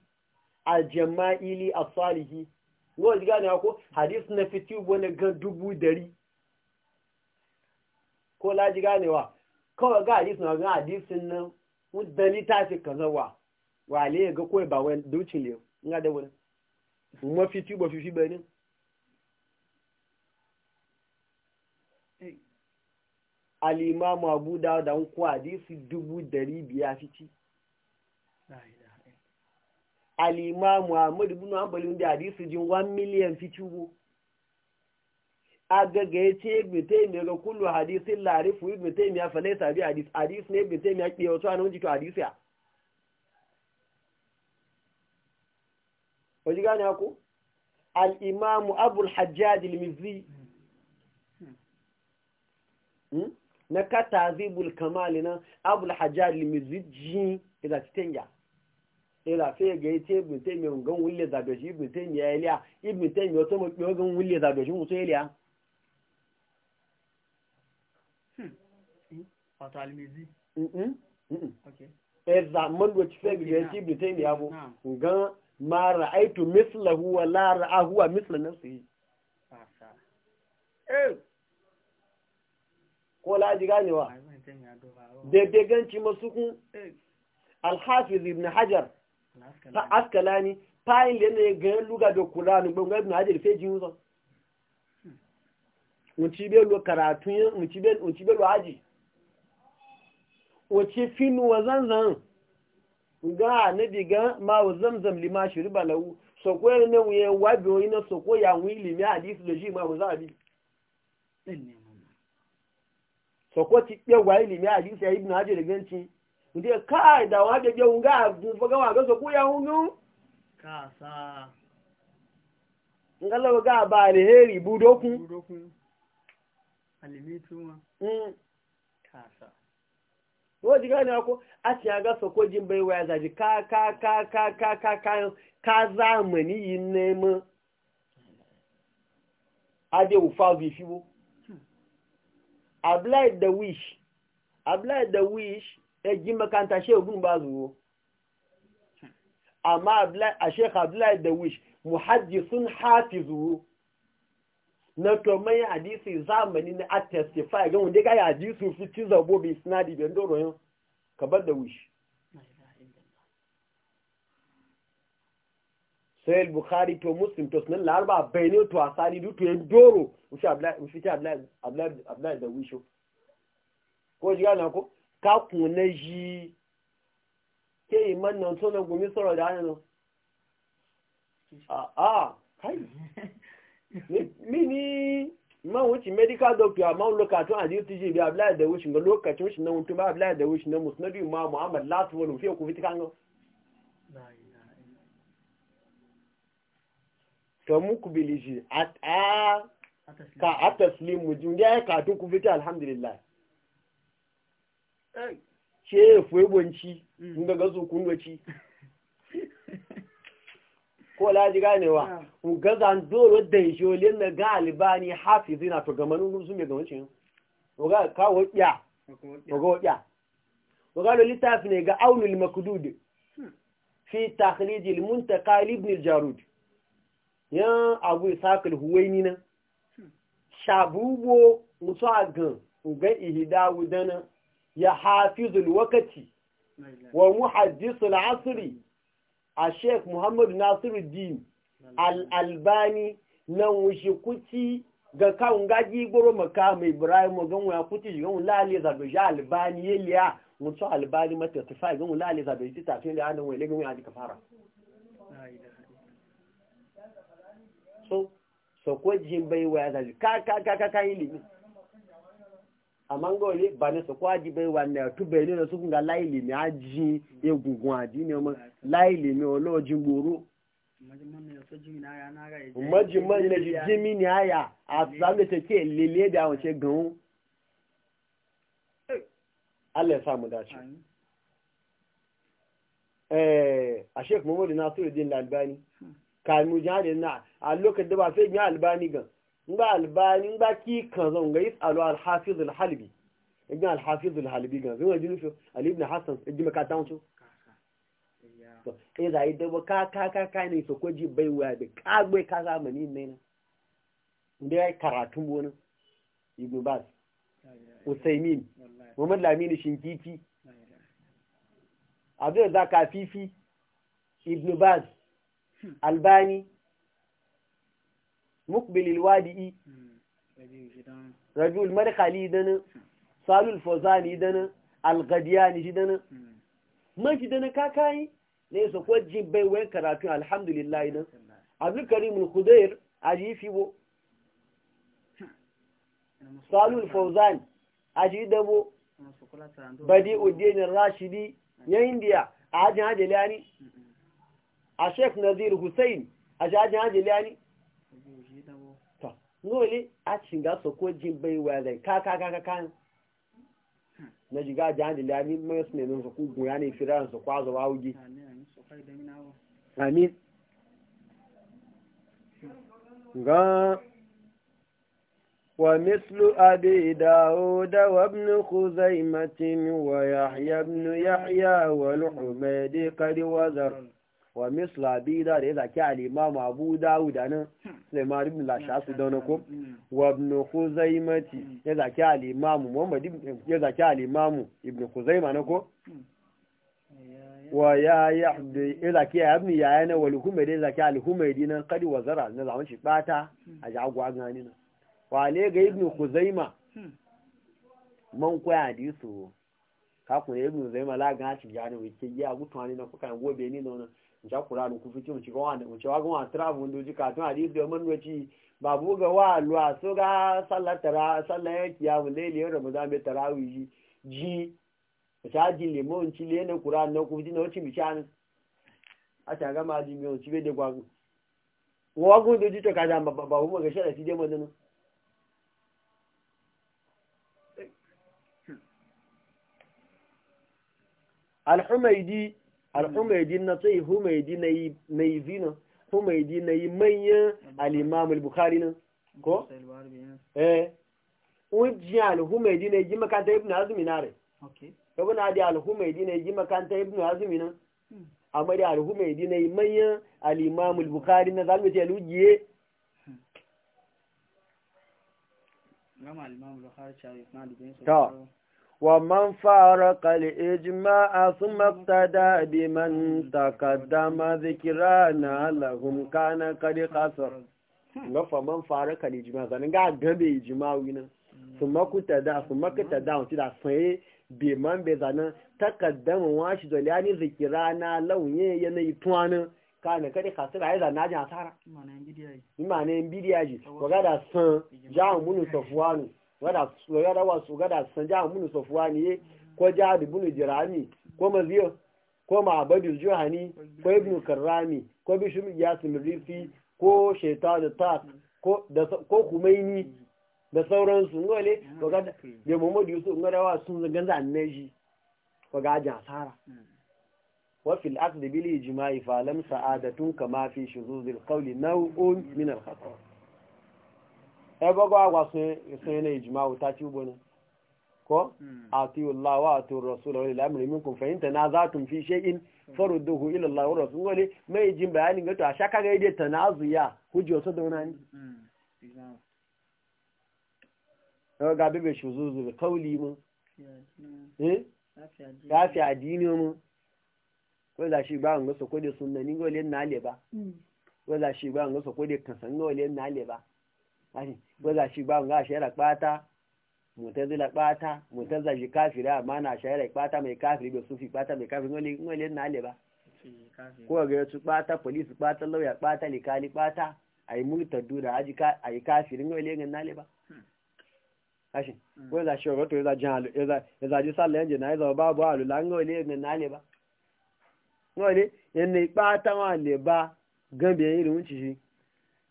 al-jama'ili as-salihi ko laji ganewa ko hadith na fiti wani ga dubu dari ko laji ganewa kawai ga hadis na ga hadith nan mun dalita ce wa wale ga kawai ba wani ducin liyo nga da wani mafi ci ba fifi bayanin alimamu abu da da nkwu hadisi dubu dari biya fici alimamu ahmadu bin hanbali ndị hadisi jin 1 miliyan fici ugbo agaga ya ce ibn taymiya ga kullu hadisin larifu ibn taymiya falaisa bi hadis hadis ne ibn taymiya ke wato anan jiki hadisi waje gane ku al'imamu abul hajjaj al-mizzi hmm? na kata zibul kamali na abul hajjaj al-mizzi ji ila titenya ila sai ga yace ibn taymiyyah gan wulle zabe shi ibn taymiyyah iliya ibn taymiyyah to mu gan wulle zabe shi musu iliya hmm. hmm? wato al-mizzi mm mm okay eh zaman ci ga yace ibn taymiyyah bu ma ra'aitu mislahu wa la ra'ahu wa misla nafsihi eh. ko laji ganewa daidai ganci masu kun alhafiz ibn hajar ta askalani fayin da yanayi ganin luga da ban gbogbo ibn hajar sai ji yuzon unci belo karatun unci belo haji unci wa zanzan nga ne diga ma wa zamzam lima shiriba lahu so ko ne wuye wabi ina so ko ya wi limi hadith loji ma wa zabi so ko ti pe wa limi ya ibnu hajar ganci ndi e ka da wa de je nga gun fa ga wa ga so ko ya hunu ka ga ba le heri ko ji gane ko a ci ga sokojin bai waya zaji ka ka ka ka ka ka ka ka zamani yin nemo ade ufa bi fiwo apply the wish apply the wish e ji makanta she ogun ba zuwo amma apply a sheikh apply the wish muhaddisun zuwo. na to mai hadisi zamani na testify ga wanda ga hadisi fi ci zabo bi isnadi bi ndoro yin ka bar da wishi sai bukhari to muslim to sunan larba bayne to asali du to ndoro wishi abdullahi wishi abdullahi abdullahi da wishi ko jiga na ko ka kunne ji ke iman nan to na gumi soro da nan a a kai mi ni wuce medical doctor amma wani lokacin a jiyu tiji bi abdullahi da wuce ga lokacin wuce na mutum abdullahi da wuce na musnadu ma muhammad last volume fiye ku fiti kango to mu ku biliji at a ka ataslim mu jinde ya katun ku fiti alhamdulillah ce fuwe bonci kun mm. ga gazo kun waci ko laji ganewa ah. ga zandoro da jolin na ga albani hafizi na to gamanin su mai gamancin ga kawo ya ga ga ne ga aunul makdud hmm. fi takhrij muntaka ibn al jarud ya abu isaq huwaini na hmm. shabubo musagan ga ihda wudana ya hafizul wakati wa muhaddisul asri a sheik muhammadu nasiruddin al'albani na wushe kuti ga kawun gaji goro mai ibrahim ganwa ya kuti shi ganwa lalai zabe shi albani ya liya mutu albani mata tafi ganwa lalai zabe shi tafi da hannun wale ganwa ya dika fara so so ko jin bai waya zaji ka ka ka ka yi ilimi amma ga wani ba na su bai wa na tu bai ga layi limi aji egungun aji ne layi limi olojin gboro majin man na ji jimi ni aya a sami ta ke lele da wace gan Allah ya samu dace eh a Sheikh Muhammad Nasiruddin Albani hmm. kai mu jihadin na a lokacin da ba gan ngba albani ngba ki kan zo ngai alu al-hafiz ibn alhafiz alhalbi ga zai jinu so ali ibn hasan e ibn makatan so to e da ida ba ka ka ka ka ne so koji bai wa da kagbe ka zamani ne na inde e ya karatu wani ibn bas usaimin muhammad lamini shinkiki abdul zakafifi ibn bas hmm. albani mukbilil wadi'i hmm. rajul madkhali dana hmm. salul fawzani dana algadiyani shi dana hmm. mashi dana kakayi ne su ko jibbai wayan karatu alhamdulillah idan abdul karim al-khudair aji bo. salul fawzan aji bo. badi uddin rashidi ya india ajin hajjaliani a sheikh nazir hussein ajin hajjaliani to nole a cinga soko da ni mai su ne nan su ya ومثل أبي داود وابن خزيمة ويحيى بن يحيى wa misla bi da da ya zaki al-imam abu dawud nan hmm. sulaiman ibn lashasu hmm. da ko hmm. wa ibn khuzaimati ya zaki al-imam muhammad ya zaki al-imam ibn khuzaima na ko wa ya yahdi ila ki ibn yayana wal humaydi ila ki al humaydi nan qadi wa zara na zaman shi bata a jagwa gani nan wa le ga ibn khuzaima man ko hadisu ka ku ibn khuzaima la ga shi ne wike ya gutwani na kuka gobe ni nan nca kuranu ku fiti nci ga wani nci wagon a travel ndo ji waci wa luwa so ga sallar ya mun ramadan bai tarawi ji ji ta ji lemo le na kura na ku fiti na wacin bishanin a ta ji mai nci bai da gwagun to ga al'umaidi mm. na tsaye humaidi na yi zina humaidi na yi manyan al'imamul bukari nan ko? eh ujiya al'umaidi na yi makanta ibn azumi na rai yabo na da al'umaidi na yi makanta ibn azumi nan mm. amma da al'umaidi na yi manyan al'imamul bukari na zalmi hmm. ta lujiye gama al'imamul bukari ta ومن فارق الإجماع ثم ابتدى بمن تقدم ذكرانا لهم كان قد قصر gafa man fara kan ijima zanen ga gabe ijima wina su makuta da su makuta da wasu da saye be man be zanen takaddama washi dole ani zikira na launye yanayi tuwanin ka na kare kasira ya zana ji asara imane bidiyaji wa ga da san jahun munu safuwanu wadda wasu gada san jihar munu sofuwa ne ko jihar ibn jirani ko maziyo ko ma'abadul juhani ko ibn karrami ko bishop yasin rifi ko shaitan ta ko kumaini da sauransu ngole ko ga da muhammadu su ngada wa sun ganza annaji ko ga ja sara wa fil aqd bil ijma'i fa lam sa'adatun kama fi shuzuzil qawli naw'un min al khata' ẹgbọ́gbọ́ àgbà sun ẹni ìjùmọ̀ àwòtá tí ó gbóná kọ́ àti ìlàwà àti rọ̀sùlọ̀ ilẹ̀ amìrì mi kò fẹ̀yìntà na za tún fi ṣe in fọ́rọ̀ dòhù ìlàlá rọ̀sùn wọlé méjì bayani gẹ́tọ̀ àṣákára èdè tàn náà zù yá kújì ọ̀tọ́ dọ̀rọ̀ náà ni. ẹ̀rọ ga bíbẹ̀ ṣòzòzò rẹ̀ kọ́ọ̀lì mu láti àdínì mu wọ́n là ṣe mu. àwọn gbọ́sọ̀ kó de sun náà nígbà ó lé nà ba wọ́n là ṣe ìgbà àwọn gbọ́sọ̀ kó de kànsán náà ba. gwaza shi ba ga shayar kpata mutazila kpata mutazila shi kafira amma na shayar kpata mai kafiri da sufi kpata mai kafiri ngoli ngoli na le ba ko ga yasu kpata polisi kpata lauya kpata likali kpata a yi multaddu da haji a yi kafiri wani ne na le ba kashin gwaza shi roto ya zaji halu ya ji sallah lenje na ya ba ba alu la ngo ne na le ba ngoli ne yan ne wa le ba gambe yin irin shi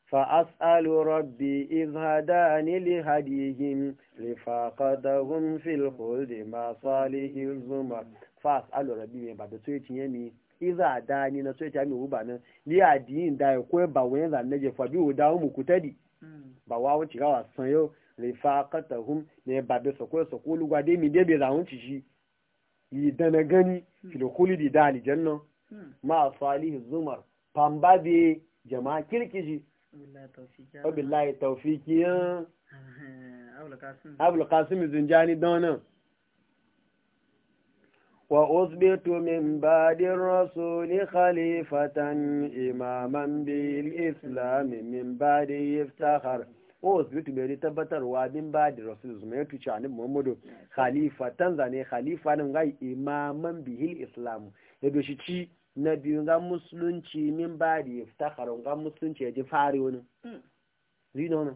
فأسأل ربي إذ هداني لهديهم لفاقدهم في الخلد ما صالح الزمر فأسأل ربي من بعد سويت يمي إذا هداني نسويت يمي وبانا لي أدين دا يقوي باوين ذا نجي فبيو داهم كتدي باواو تغاوا سنيو لفاقدهم من بعد سكوي سكولو غادي من دي بيزاون تشي يدانا غني في الخلد دا الجنة ما صالح الزمر pamba be jama'a kirkiji wabillahi taufiki yan abulkasim zunjani donan wa usbitu min ba'din rasuli khalifatan imaman bil islam min ba'di iftahar wa usbitu bai tabbatarwa min ba'din rasuli zuma ya tuce annabi muhammadu khalifatan zane khalifanin gai imaman bil islam ya doshi ci na biyu ga musulunci min ba da ya fita karon ga musulunci ya ji fari wani hmm. zino nan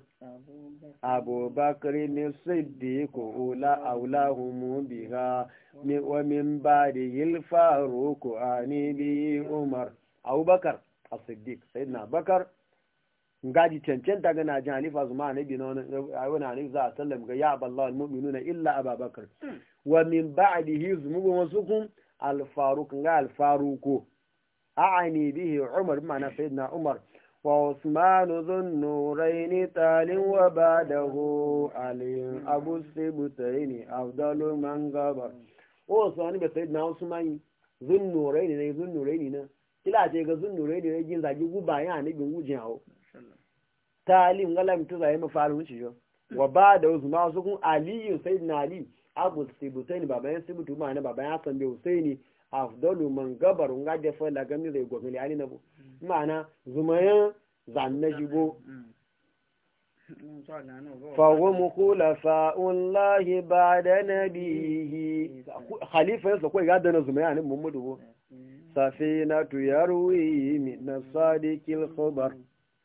abubakar ne siddiq ula bi biha mi wa min ba da ko a ne bi umar abubakar as-siddiq na bakar gaji cancanta ta na jan halifa zuma bi na wani annabi za a sallam ga ya aballahu almu'minuna illa ababakar hmm. wa min ba'dihi zumugun kun alfaruku ga alfaruku أعني به عمر بمعنى سيدنا عمر وعثمان ذو النورين تال وبعده علي أبو السبتين أفضل من غبر وعثمان بسيدنا عثمان ذو النورين ne ذو النورين ne kila ce ga zun ne jin ya ne bin gujin hawo talim galam to zai mafarin wuce yo wa ba da usma su kun aliyu sayyidina ali abu afdalu man gabaru ga da fa laga mi zai gobe ali na bu mm. ma'ana zumayan zanna jibo mm. fawo mu kula fa'un lahi ba da nabihi khalifa yanzu ko ga dana zumaya ne muhammadu bu mm. safinatu ya min na sadiqil khabar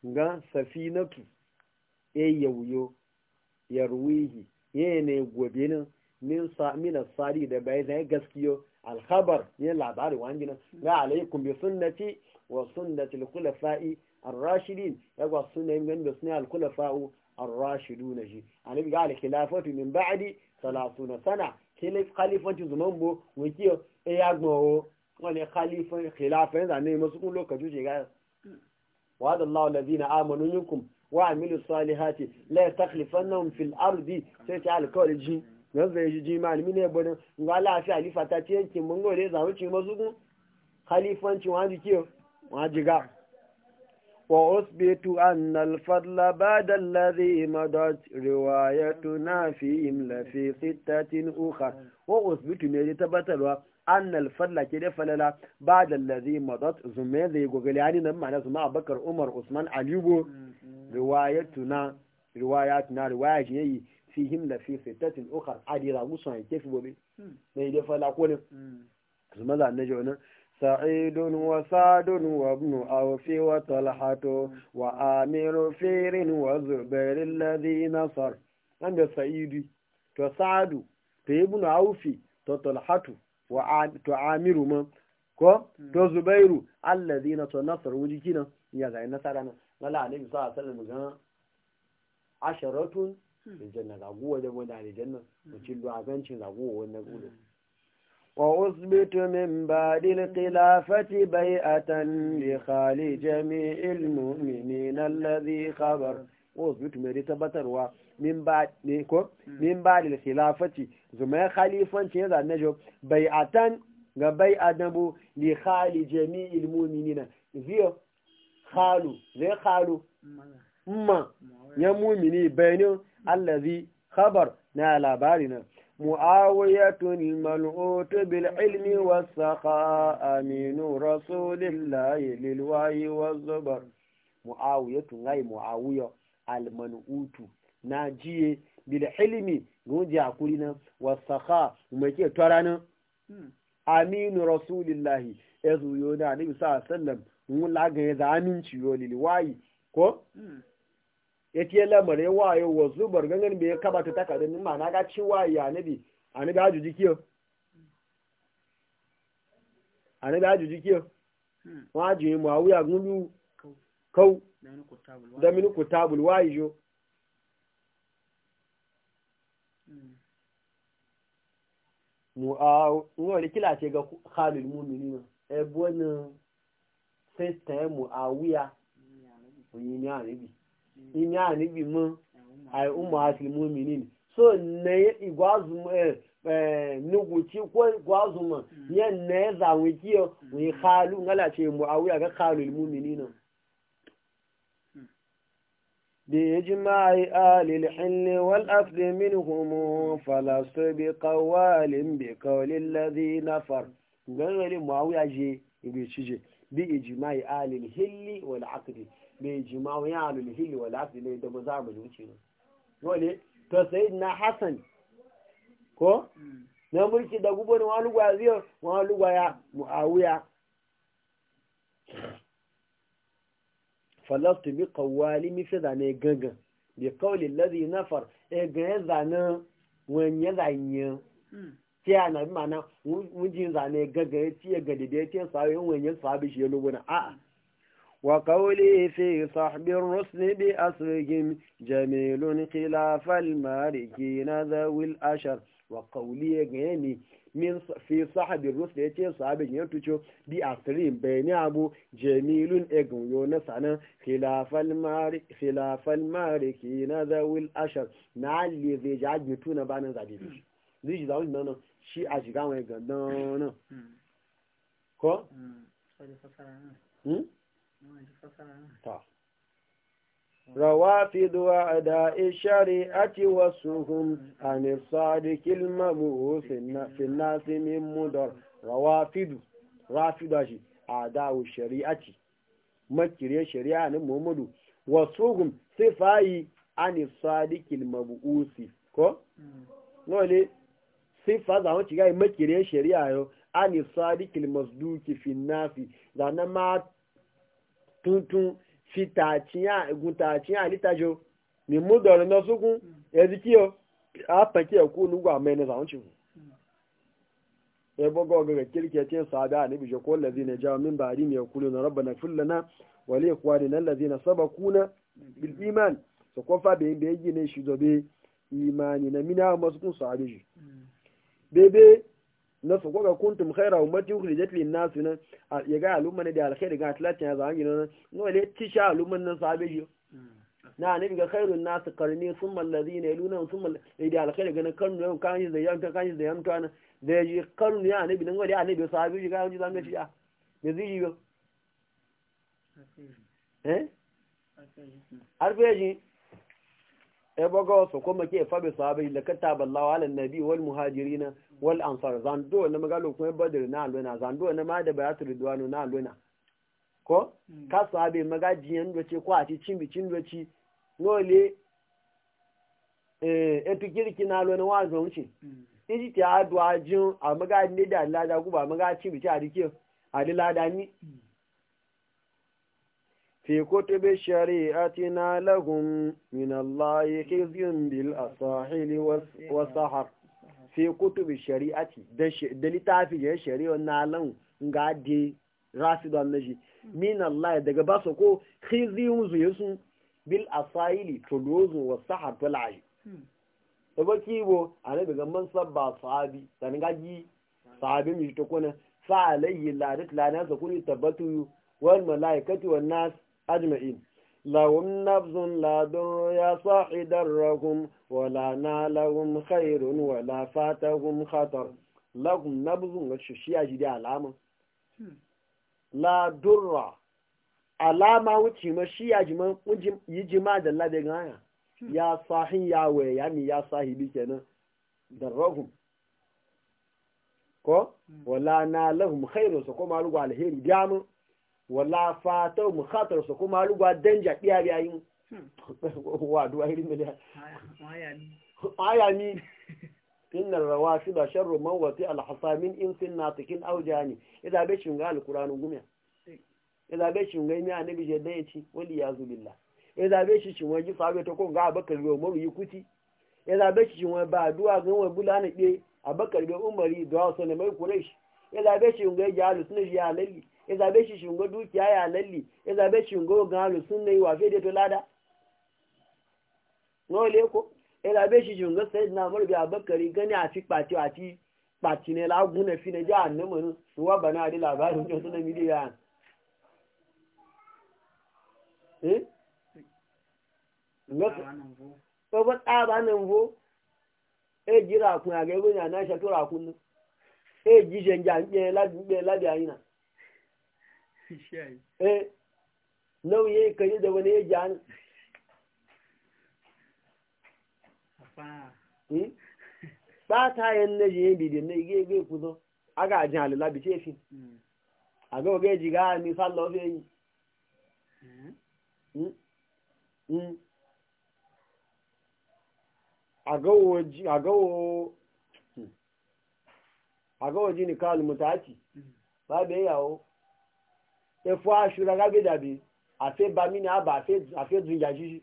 ga safinatu e yawyo ya yene gobe min sa min sari da bai zai gaskiyo alkhabar ne labari wani gina alaikum bi sunnati wa sunnati al-khulafa'i ar annabi ga al min ba'di 30 sana kile khalifanti zuman bo wikiyo e ne masu kun lokacin amanu wa amilu salihati la fil na zai ji jimani ne ya bari ga lafi halifa ta ce yankin mun gore zamu ci masu kun halifanci wani ke wani ga wa usbitu anna al-fadla ba'da alladhi madat riwayatuna fi imla fi sittatin uka wa osbetu ne tabbatarwa an al-fadla ke da falala da alladhi madat zume zai gogale ani nan mana zuma Abubakar Umar Usman Ali go tuna riwayatuna ya shi yayi fihim la fi fitatin ukhar adira musu an kefi bobe ne wa fala ko ne zuma da annabi wannan سعيد وسعد وابن أوف وطلحة وآمر فير وزبير الذي نصر عند سعيد وسعد ابن أوف وطلحة ko to zubairu allazina to nasar wujikina ya zai nasara nan wala annabi sallallahu ga asharatun Hmm. aljanna raguwa da wani aljanna hmm. mutum da agancin raguwa wannan gudu وأثبت من بعد الخلافة بيئة لخال جميع المؤمنين الذي خبر وأثبت من تبتر min ba ne ko hmm. min ba da khilafati zuma khalifanci ya zanne bai'atan ga bai'adabu li khali jami'il mu'minina ziyo khalu zai khalu ma ya mu'mini bayani allazi khabar na labari na mu'awiyatun mal'ut bil ilmi was saqa aminu rasulillahi lil wayi waz zubar mu'awiyatun gai mu'awiya al mal'utu na jiye bil ilmi goje akuri na was saqa mai ke tora na aminu rasulillahi ezu yo da nabi sallallahu alaihi wasallam mun laga ya zaminci yo lil wayi ko ya ce lamar ya wayo wa zubar gangan bai kaba ta takardun ma na ga cewa ya nabi da nabi kiyo ani da nabi kiyo hmm. wa wajen mu awuya gudu kau da mini kutabul hmm. Mu a nuwari kila ce ga khalil mu'minin na ebe wani sai ta yi mu'awiya wani nabi in ya anibi mun mm. ai umma hasil muminin so ne igwazu eh, eh, nuguci ko gwazuma mm. yan ne zawo kiyo mm. mu yi khalu ngala ce mu awiya ga khalul muminina بإجماع آل الحل والأفل منهم فلست بقوال mu الذي نفر قال لي معاوية جي ai شجي بإجماع آل الحل والعقد bai jima wani alul hili wa lafi ne da maza mai wuce ne dole to sai na Hassan ko na mulki da gubo ne wani gwa wani ya mu'awuya falastu bi kawali mi fi zane gangan bi qawli na nafar e ga zane wani zanye hmm. ti na bi mana mun zane gangan ti ga dide ti yin wani sabi shi lubuna a'a وقولي في صحب الرسل بأسرهم جميل خلاف الماركين ذوي الأشر وقولي غني min fi sahabin rusul ya ce ya tuco bi a sirin bayani abu jamilun egun yo na sanan khilafal mariki na zawil na ali zai ji agi tuna ba nan zabe bi zai ji a shiga wani gandan روافض أداء الشريعة وسهم عن الصادق المموث في الناس من مدر روافض رافض أعداء الشريعة مكري الشريعة محمد وسهم صفاي عن الصادق المموث كو نولي صفة za won مكر ga makire shari'a yo ani sadiqil masduki fi nafi tuntun fi tààtíyàn egun tààtíyàn àlítàjò ní múdọ̀rọ̀ lọ sókún ẹ̀dí kí o ápẹ̀ kí ẹ̀kú olúgbà mẹ́ni sàún ṣe wù. ẹgbọ́gọ́ ọgọ́gọ́ kíríkẹ́ tí ń sàádá níbi ìṣòkó lẹ́zí ní ẹja omi bàárí ní ẹkú lónà rọ́bànà fúnlẹ̀ náà wọlé ìkúwa ní náà lẹ́zí náà sábà kú náà bilbiman sọkọ́ fàbẹ̀yìn bẹ́ẹ̀ yìí ní ìṣùdọ̀bẹ̀ ìmọ̀ na su kwaga kuntum khaira ummati ukhrijat lin nas na ya ga alumma ne da alkhairi ga talatin ya zangi na no le tisha alumman nan sabe shi na ne ga khairun nas qarni thumma alladhina yaluna thumma da alkhairi ga karnu yau kan yi zayan kan yi zayan to nan da ji karnu ya ne bin wali ne da sabe shi ga wani zangi shi ya me ji yi eh arbeji ya baga ko kuma ke fabi sahabi da ka wa ala nabi wal muhajirina wal ansar zando na magalo kuma badir na Zan zando na ma da bayatu ridwanu na alwana ko ka sahabi magaji yan doce ko a ci cimbi cin doce nole eh kirki na alwana wa wuce. iji ta adwa jin a magaji ne da lada ku ba magaji cimbi ci a dike a lada ni في كتب شريعتنا لهم من الله خزي بالأصاحل والسحر في كتب الشريعة دلتا في الشريعة نعلم قادي راسد النجي من الله daga ba su ko khiziyun zuye su bil asaili tuluzun wa sahar talaji da baki bo annabi ga man sabba sahabi dan gaji sahabi mi to kona fa alayhi ladat lana zakuni tabatu wal malaikatu wa nas أجمعين لهم نبز لا در يصاح درهم ولا نالهم خير ولا فاتهم خطر لهم نبز وششي أجدي علامة لا در alama wuce ma shi ya jima yi jima da ladin ya sahin ya waya ya mi ya sahibi kenan da rahum ko wala na lahum khairu su kuma alheri wala fata mu khatar su kuma lugwa danja biya yayin hmm. wa duwa irin aya ni innar rawasi da sharru man wati alhasamin in fin natikin aujani idan bai shinga alqur'anu gumiya idan bai shinga mi annabi je dai yaci wali yazu billah idan bai shi shin waji fabe to ko ga abakar yo mu yi kuti idan bai shi shin ba duwa gan wai bulana be abakar be umari da wasu ne mai quraish idan bai shinga ga jalu sunan ya lalli ya zabe shi shingo dukiya ya lalli ya zabe shingo galo sun na yi wa fede to lada nole ko ya zabe shi shingo sai na murbi abakari gani a fi pati a fi pati ne lagun na fi na ji annamin ruwa bana a di labarin jin suna miliyan eh Ọgbọ́n tààbà náà ń a èjì ràkùn àgẹ́gbẹ́ ní àná ìṣẹ́ tó ràkùn náà, èjì ṣe ń jà ń pẹ́ láti àyínà. eh nau yayi kai da wani ya jan hmm? ba ta yin na jiye bidin na ige ige kuzo aga ajin halila bi ce fi hmm. aga oge ji ga ni sallah ofe yi hmm. agawo ji ni ba bai yawo efo aṣura gágbé dàbí àfẹ́bami ní àbà àfẹ́dùn ìjà ṣíṣí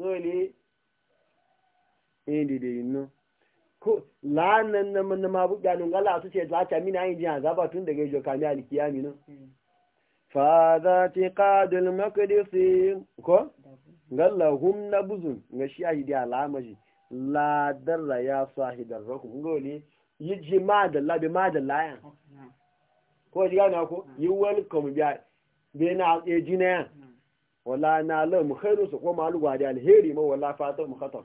wọ́n lè ẹ̀yìn dèdè iná láàánà nàmà búgbànù gálà mí náà ìjìn àzábà tún dẹ̀gẹ̀ ìjọ kàmí àlìkíyà mi náà hmm. fàádà ti káàdùn mẹ́kẹ́dẹ́ sí kọ́ gálàhùn nábùzùn ga shi ahidi al'amashi ladarra ya su ahidarrakun gole yi ji ma da labi ma da layan ko ji gane ko yi welcome biya bai na eji na yan hmm. wala na lau mu khairu su ko malu gwadi alheri ma wala fata mu khatar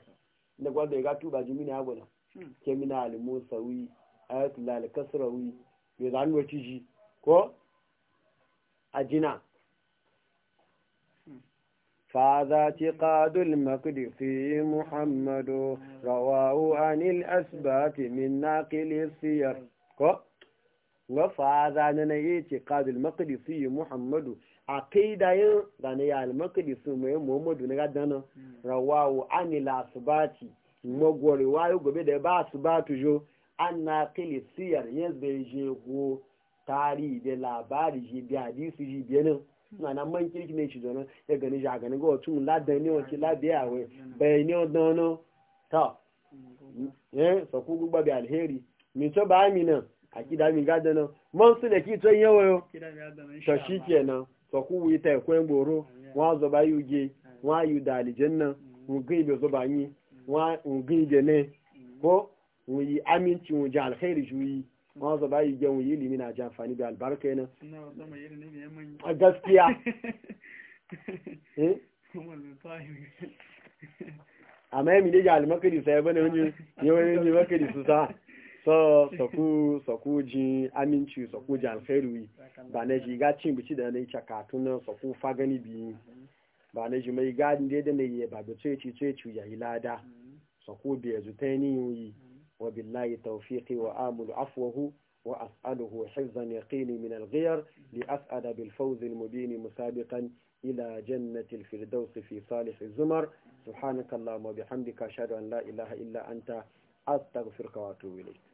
da gwada ya gatu ba jimina ya gwada hmm. ke mina alimu sawi ayatullah alkasrawi bai ni wa ji ko ajina فهذا اعتقاد المقدسي محمد رواه عن الأسبات من ناقل السير wa faza na na yi ce kadul makadisi muhammadu a kai da yin zane ya almakadisi mai muhammadu na gadana hmm. rawawo anila asibati magwari wayo gobe da ba asibatu jo an na kili siyar yin zai je ko tari da labari shi biya hadisi shi biya nan mana man kirki ne shi donon ya gani shi a gani ga wacin ladan ne wacin labiya wai bai ne donon ta hmm, eh saku gugba bi alheri min to ba mi nan a kida mi gada nan man su da ki tun yawa yau to shi kenan to ku yi ta kwen goro wa zo ba yu je wa yu da alijin nan mu gai be zo ba yi wa mu gai da ne ko mu yi aminci mu ji alkhairi juyi wa zo ba yu ge mu yi limi na ji amfani da albarka yana a gaskiya eh? amma ya mi da ji almakari sai bane wani yawan yi makari su sa so saku aminci saku ji alkhairu ba na ji ga cin bici da na yi cakatu na saku fagani biyu ba na ji mai gadi da yadda na yi ba da ci ya yi lada saku biya zuta yi wa billahi tawfiqi wa amulu afwahu wa as'aluhu ya yaqini min al li as'ada bil fawz al-mubin musabiqan ila jannati al fi salih az-zumar subhanakallahumma wa bihamdika ashhadu an la ilaha illa anta أستغفرك wa إليك